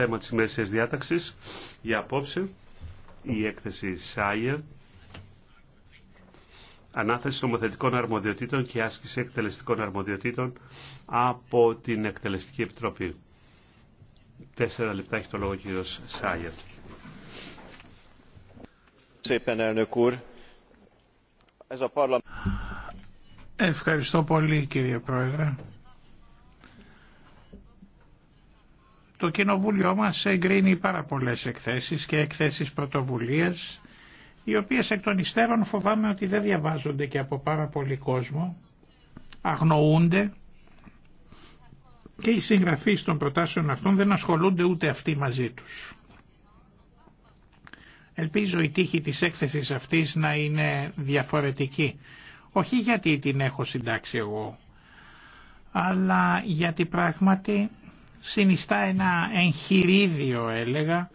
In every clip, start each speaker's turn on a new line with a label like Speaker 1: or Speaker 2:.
Speaker 1: θέμα της μέσης διάταξης για απόψε η έκθεση ΣΑΙΕ ανάθεση νομοθετικών αρμοδιοτήτων και άσκηση εκτελεστικών αρμοδιοτήτων από την Εκτελεστική Επιτροπή. Τέσσερα λεπτά έχει το λόγο ο κύριος Σάγερ.
Speaker 2: Ευχαριστώ πολύ κύριε Πρόεδρε. Το κοινοβούλιο μας εγκρίνει πάρα πολλές εκθέσεις και εκθέσεις πρωτοβουλίες, οι οποίες εκ των υστέρων φοβάμαι ότι δεν διαβάζονται και από πάρα πολύ κόσμο, αγνοούνται και οι συγγραφείς των προτάσεων αυτών δεν ασχολούνται ούτε αυτοί μαζί τους. Ελπίζω η τύχη της έκθεσης αυτής να είναι διαφορετική. Όχι γιατί την έχω συντάξει εγώ, αλλά γιατί πράγματι συνιστά ένα εγχειρίδιο έλεγα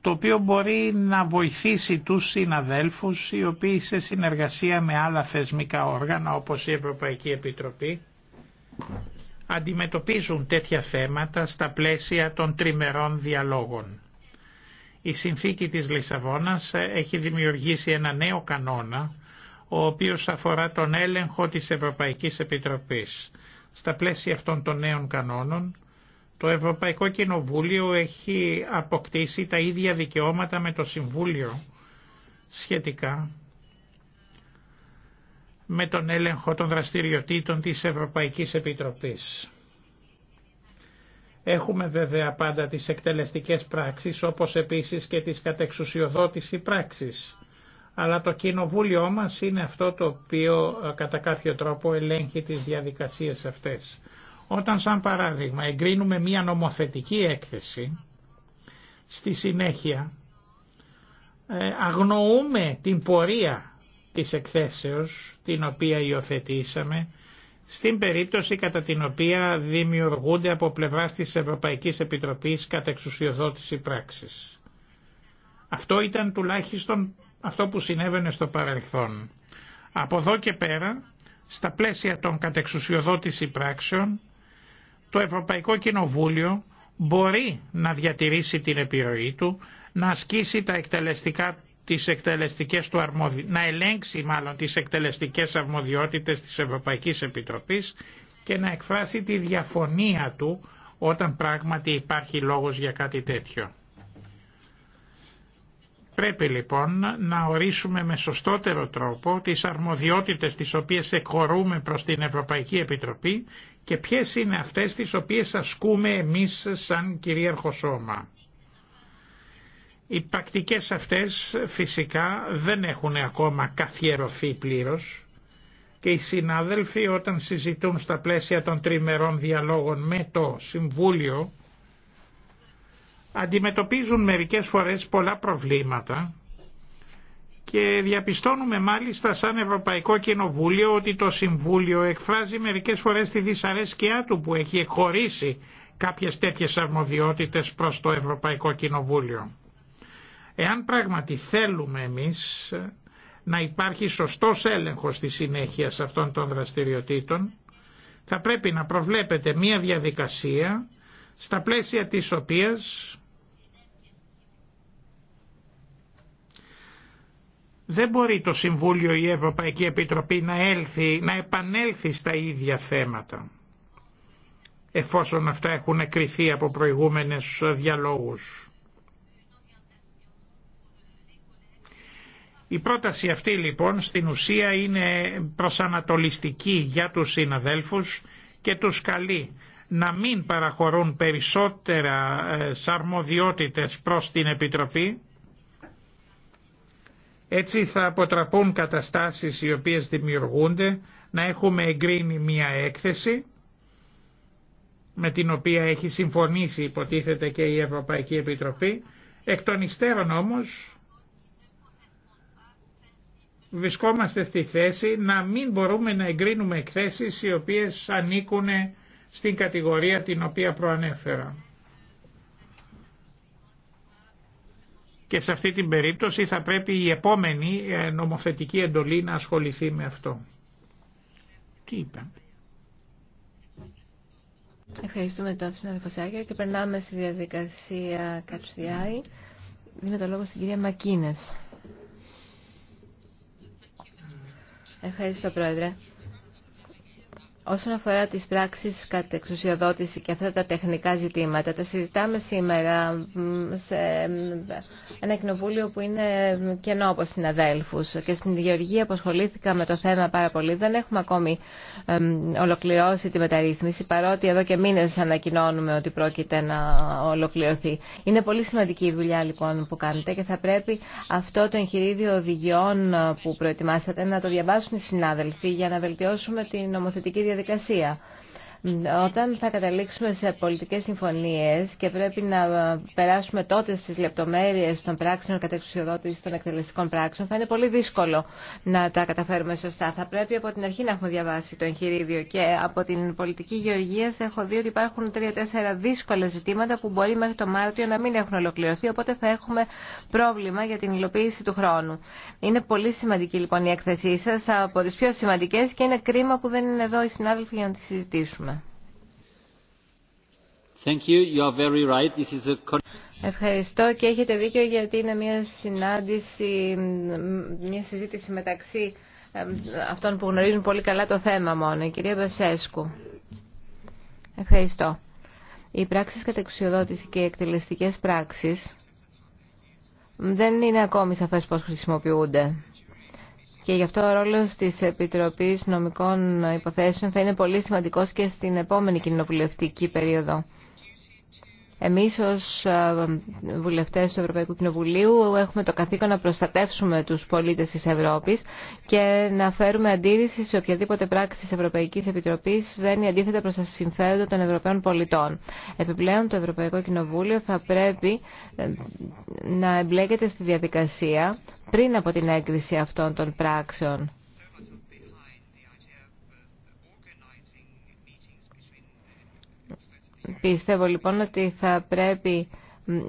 Speaker 2: το οποίο μπορεί να βοηθήσει τους συναδέλφους οι οποίοι σε συνεργασία με άλλα θεσμικά όργανα όπως η Ευρωπαϊκή Επιτροπή αντιμετωπίζουν τέτοια θέματα στα πλαίσια των τριμερών διαλόγων. Η συνθήκη της Λισαβόνας έχει δημιουργήσει ένα νέο κανόνα ο οποίος αφορά τον έλεγχο της Ευρωπαϊκής Επιτροπής. Στα πλαίσια αυτών των νέων κανόνων το Ευρωπαϊκό Κοινοβούλιο έχει αποκτήσει τα ίδια δικαιώματα με το Συμβούλιο σχετικά με τον έλεγχο των δραστηριοτήτων της Ευρωπαϊκής Επιτροπής. Έχουμε βέβαια πάντα τις εκτελεστικές πράξεις όπως επίσης και τις κατεξουσιοδότηση πράξεις. Αλλά το κοινοβούλιο μας είναι αυτό το οποίο ε, κατά κάποιο τρόπο ελέγχει τις διαδικασίες αυτές. Όταν σαν παράδειγμα εγκρίνουμε μία νομοθετική έκθεση, στη συνέχεια ε, αγνοούμε την πορεία της εκθέσεως την οποία υιοθετήσαμε στην περίπτωση κατά την οποία δημιουργούνται από πλευράς της Ευρωπαϊκής Επιτροπής κατά εξουσιοδότηση πράξης. Αυτό ήταν τουλάχιστον αυτό που συνέβαινε στο παρελθόν. Από εδώ και πέρα, στα πλαίσια των κατεξουσιοδότηση πράξεων, το Ευρωπαϊκό Κοινοβούλιο μπορεί να διατηρήσει την επιρροή του, να ασκήσει τα εκτελεστικά τις εκτελεστικές του αρμοδι... να ελέγξει μάλλον τις εκτελεστικές αρμοδιότητες της Ευρωπαϊκής Επιτροπής και να εκφράσει τη διαφωνία του όταν πράγματι υπάρχει λόγος για κάτι τέτοιο. Πρέπει λοιπόν να ορίσουμε με σωστότερο τρόπο τις αρμοδιότητες τις οποίες εκχωρούμε προς την Ευρωπαϊκή Επιτροπή και ποιες είναι αυτές τις οποίες ασκούμε εμείς σαν κυρίαρχο σώμα. Οι πρακτικές αυτές φυσικά δεν έχουν ακόμα καθιερωθεί πλήρως και οι συνάδελφοι όταν συζητούν στα πλαίσια των τριμερών διαλόγων με το Συμβούλιο αντιμετωπίζουν μερικές φορές πολλά προβλήματα και διαπιστώνουμε μάλιστα σαν Ευρωπαϊκό Κοινοβούλιο ότι το Συμβούλιο εκφράζει μερικές φορές τη δυσαρέσκειά του που έχει χωρίσει κάποιες τέτοιες αρμοδιότητες προς το Ευρωπαϊκό Κοινοβούλιο. Εάν πράγματι θέλουμε εμείς να υπάρχει σωστός έλεγχος της συνέχεια αυτών των δραστηριοτήτων, θα πρέπει να προβλέπετε μία διαδικασία στα πλαίσια της οποίας δεν μπορεί το Συμβούλιο ή η Ευρωπαϊκή Επιτροπή να, έλθει, να επανέλθει στα ίδια θέματα εφόσον αυτά έχουν κριθεί από προηγούμενες διαλόγους. Η πρόταση αυτή λοιπόν στην ουσία είναι προσανατολιστική για τους συναδέλφους και τους καλεί να μην παραχωρούν περισσότερα ε, σαρμοδιότητες προς την Επιτροπή. Έτσι θα αποτραπούν καταστάσεις οι οποίες δημιουργούνται, να έχουμε εγκρίνει μία έκθεση με την οποία έχει συμφωνήσει υποτίθεται και η Ευρωπαϊκή Επιτροπή. Εκ των υστέρων όμως βρισκόμαστε στη θέση να μην μπορούμε να εγκρίνουμε εκθέσεις οι οποίες ανήκουν στην κατηγορία την οποία προανέφερα. Και σε αυτή την περίπτωση θα πρέπει η επόμενη ε, νομοθετική εντολή να ασχοληθεί με αυτό. Τι είπα.
Speaker 3: Ευχαριστούμε τον συνάδελφο Σάκια και περνάμε στη διαδικασία Κατσουδιάη. Δίνω το λόγο στην κυρία Μακίνες. Ευχαριστώ, Πρόεδρε. Όσον αφορά τις πράξεις κατ' εξουσιοδότηση και αυτά τα τεχνικά ζητήματα, τα συζητάμε σήμερα σε ένα κοινοβούλιο που είναι κενό από συναδέλφους και στην Γεωργία αποσχολήθηκα με το θέμα πάρα πολύ. Δεν έχουμε ακόμη ολοκληρώσει τη μεταρρύθμιση, παρότι εδώ και μήνες ανακοινώνουμε ότι πρόκειται να ολοκληρωθεί. Είναι πολύ σημαντική η δουλειά λοιπόν που κάνετε και θα πρέπει αυτό το εγχειρίδιο οδηγιών που προετοιμάσατε να το διαβάσουν οι συνάδελφοι για να βελτιώσουμε την νομοθετική διαδικασία διαδικασία. Όταν θα καταλήξουμε σε πολιτικές συμφωνίες και πρέπει να περάσουμε τότε στις λεπτομέρειες των πράξεων κατά εξουσιοδότηση των εκτελεστικών πράξεων, θα είναι πολύ δύσκολο να τα καταφέρουμε σωστά. Θα πρέπει από την αρχή να έχουμε διαβάσει το εγχειρίδιο και από την πολιτική γεωργία έχω δει ότι υπάρχουν τρία-τέσσερα δύσκολα ζητήματα που μπορεί μέχρι το Μάρτιο να μην έχουν ολοκληρωθεί, οπότε θα έχουμε πρόβλημα για την υλοποίηση του χρόνου. Είναι πολύ σημαντική λοιπόν η έκθεσή σα από τι πιο σημαντικέ και είναι κρίμα που δεν είναι εδώ οι συνάδελφοι για να τη συζητήσουμε. Ευχαριστώ και έχετε δίκιο γιατί είναι μια συνάντηση, μια συζήτηση μεταξύ αυτών που γνωρίζουν πολύ καλά το θέμα μόνο. Η κυρία Βασέσκου. Ευχαριστώ. Οι πράξεις κατεξουσιοδότηση και οι εκτελεστικές πράξεις δεν είναι ακόμη σαφές πώς χρησιμοποιούνται. Και γι' αυτό ο ρόλος της Επιτροπής Νομικών Υποθέσεων θα είναι πολύ σημαντικός και στην επόμενη κοινοβουλευτική περίοδο. Εμείς ως ε, βουλευτές του Ευρωπαϊκού Κοινοβουλίου έχουμε το καθήκον να προστατεύσουμε τους πολίτες της Ευρώπης και να φέρουμε αντίρρηση σε οποιαδήποτε πράξη της Ευρωπαϊκής Επιτροπής είναι αντίθετα προς τα συμφέροντα των Ευρωπαίων πολιτών. Επιπλέον το Ευρωπαϊκό Κοινοβούλιο θα πρέπει ε, να εμπλέκεται στη διαδικασία πριν από την έγκριση αυτών των πράξεων Πιστεύω λοιπόν ότι θα πρέπει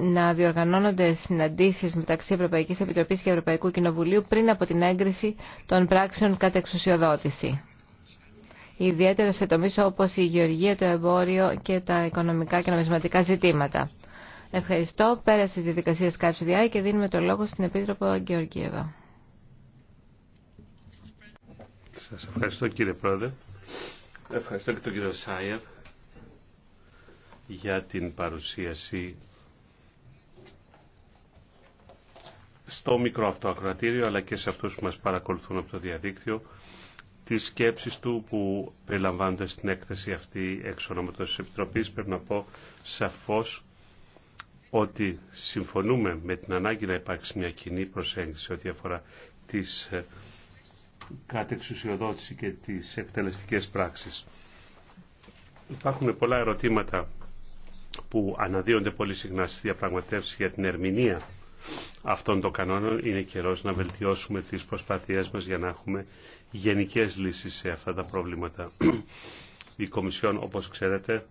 Speaker 3: να διοργανώνονται συναντήσεις μεταξύ Ευρωπαϊκής Επιτροπής και Ευρωπαϊκού Κοινοβουλίου πριν από την έγκριση των πράξεων κατά εξουσιοδότηση. Ιδιαίτερα σε τομείς όπως η γεωργία, το εμπόριο και τα οικονομικά και νομισματικά ζητήματα. Ευχαριστώ. Πέρασε τη διαδικασία Σκάτσου και δίνουμε το λόγο στην Επίτροπο Γεωργίευα.
Speaker 1: Σας ευχαριστώ κύριε Πρόεδρε. Ευχαριστώ και τον κύριο Σάιερ για την παρουσίαση στο μικρό αυτό ακροατήριο αλλά και σε αυτούς που μας παρακολουθούν από το διαδίκτυο τις σκέψεις του που περιλαμβάνονται στην έκθεση αυτή εξ ονόματος της Επιτροπής. Πρέπει να πω σαφώς ότι συμφωνούμε με την ανάγκη να υπάρξει μια κοινή προσέγγιση ό,τι αφορά τις ε, κατεξουσιοδότηση και τις εκτελεστικές πράξεις. Υπάρχουν πολλά ερωτήματα που αναδύονται πολύ συχνά στι διαπραγματεύσει για την ερμηνεία αυτών των κανόνων είναι καιρός να βελτιώσουμε τις προσπάθειές μας για να έχουμε γενικές λύσεις σε αυτά τα προβλήματα. Η Κομισιόν, όπως ξέρετε,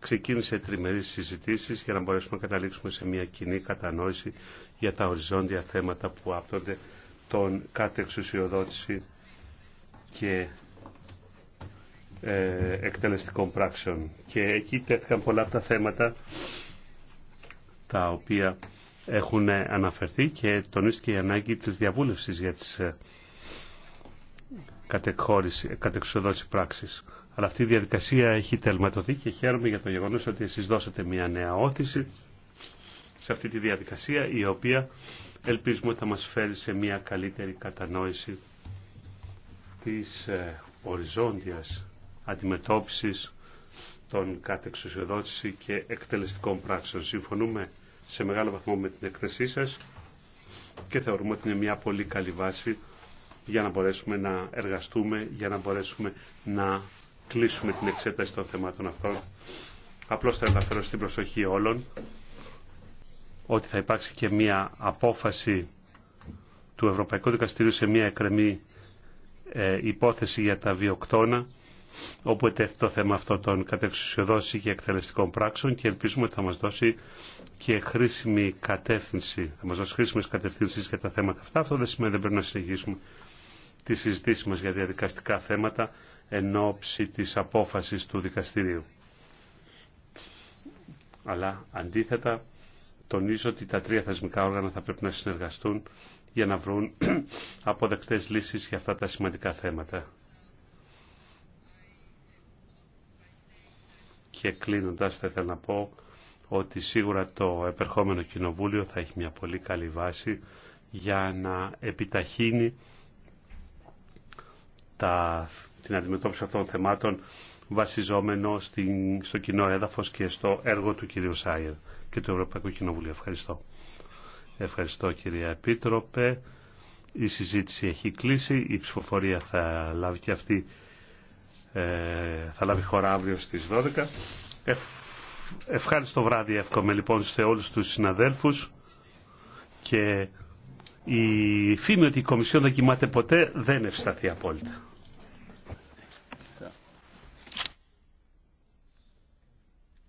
Speaker 1: ξεκίνησε τριμερείς συζητήσεις για να μπορέσουμε να καταλήξουμε σε μια κοινή κατανόηση για τα οριζόντια θέματα που άπτονται τον κάθε εξουσιοδότηση και ε, εκτελεστικών πράξεων. Και εκεί τέθηκαν πολλά από τα θέματα τα οποία έχουν αναφερθεί και τονίστηκε η ανάγκη της διαβούλευσης για τις ε, κατεξοδότηση πράξεις Αλλά αυτή η διαδικασία έχει τελματωθεί και χαίρομαι για το γεγονός ότι εσείς δώσατε μια νέα όθηση σε αυτή τη διαδικασία η οποία ελπίζουμε ότι θα μας φέρει σε μια καλύτερη κατανόηση της ε, οριζόντιας αντιμετώπισης των κατεξουσιοδότηση και εκτελεστικών πράξεων. Συμφωνούμε σε μεγάλο βαθμό με την έκθεσή σα και θεωρούμε ότι είναι μια πολύ καλή βάση για να μπορέσουμε να εργαστούμε, για να μπορέσουμε να κλείσουμε την εξέταση των θεμάτων αυτών. Απλώς θα αναφέρω στην προσοχή όλων ότι θα υπάρξει και μια απόφαση του Ευρωπαϊκού Δικαστηρίου σε μια εκρεμή ε, υπόθεση για τα βιοκτώνα όπου το θέμα αυτό των κατεξουσιοδότηση και εκτελεστικών πράξεων και ελπίζουμε ότι θα μας δώσει και χρήσιμη κατεύθυνση, θα μας δώσει χρήσιμες κατευθύνσεις για τα θέματα αυτά. Αυτό δεν σημαίνει ότι δεν πρέπει να συνεχίσουμε τη συζήτηση μας για διαδικαστικά θέματα εν ώψη της απόφασης του δικαστηρίου. Αλλά αντίθετα τονίζω ότι τα τρία θεσμικά όργανα θα πρέπει να συνεργαστούν για να βρουν αποδεκτές λύσεις για αυτά τα σημαντικά θέματα. Και κλείνοντας θα ήθελα να πω ότι σίγουρα το επερχόμενο κοινοβούλιο θα έχει μια πολύ καλή βάση για να επιταχύνει τα, την αντιμετώπιση αυτών των θεμάτων βασιζόμενο στην, στο κοινό έδαφος και στο έργο του κυρίου Σάιερ και του Ευρωπαϊκού Κοινοβουλίου. Ευχαριστώ. Ευχαριστώ κυρία Επίτροπε. Η συζήτηση έχει κλείσει. Η ψηφοφορία θα λάβει και αυτή ε, θα λάβει χώρα αύριο στις 12. Ευχάριστο βράδυ εύχομαι λοιπόν σε όλους τους συναδέλφους και η φήμη ότι η Κομισιόν δεν κοιμάται ποτέ δεν ευσταθεί απόλυτα.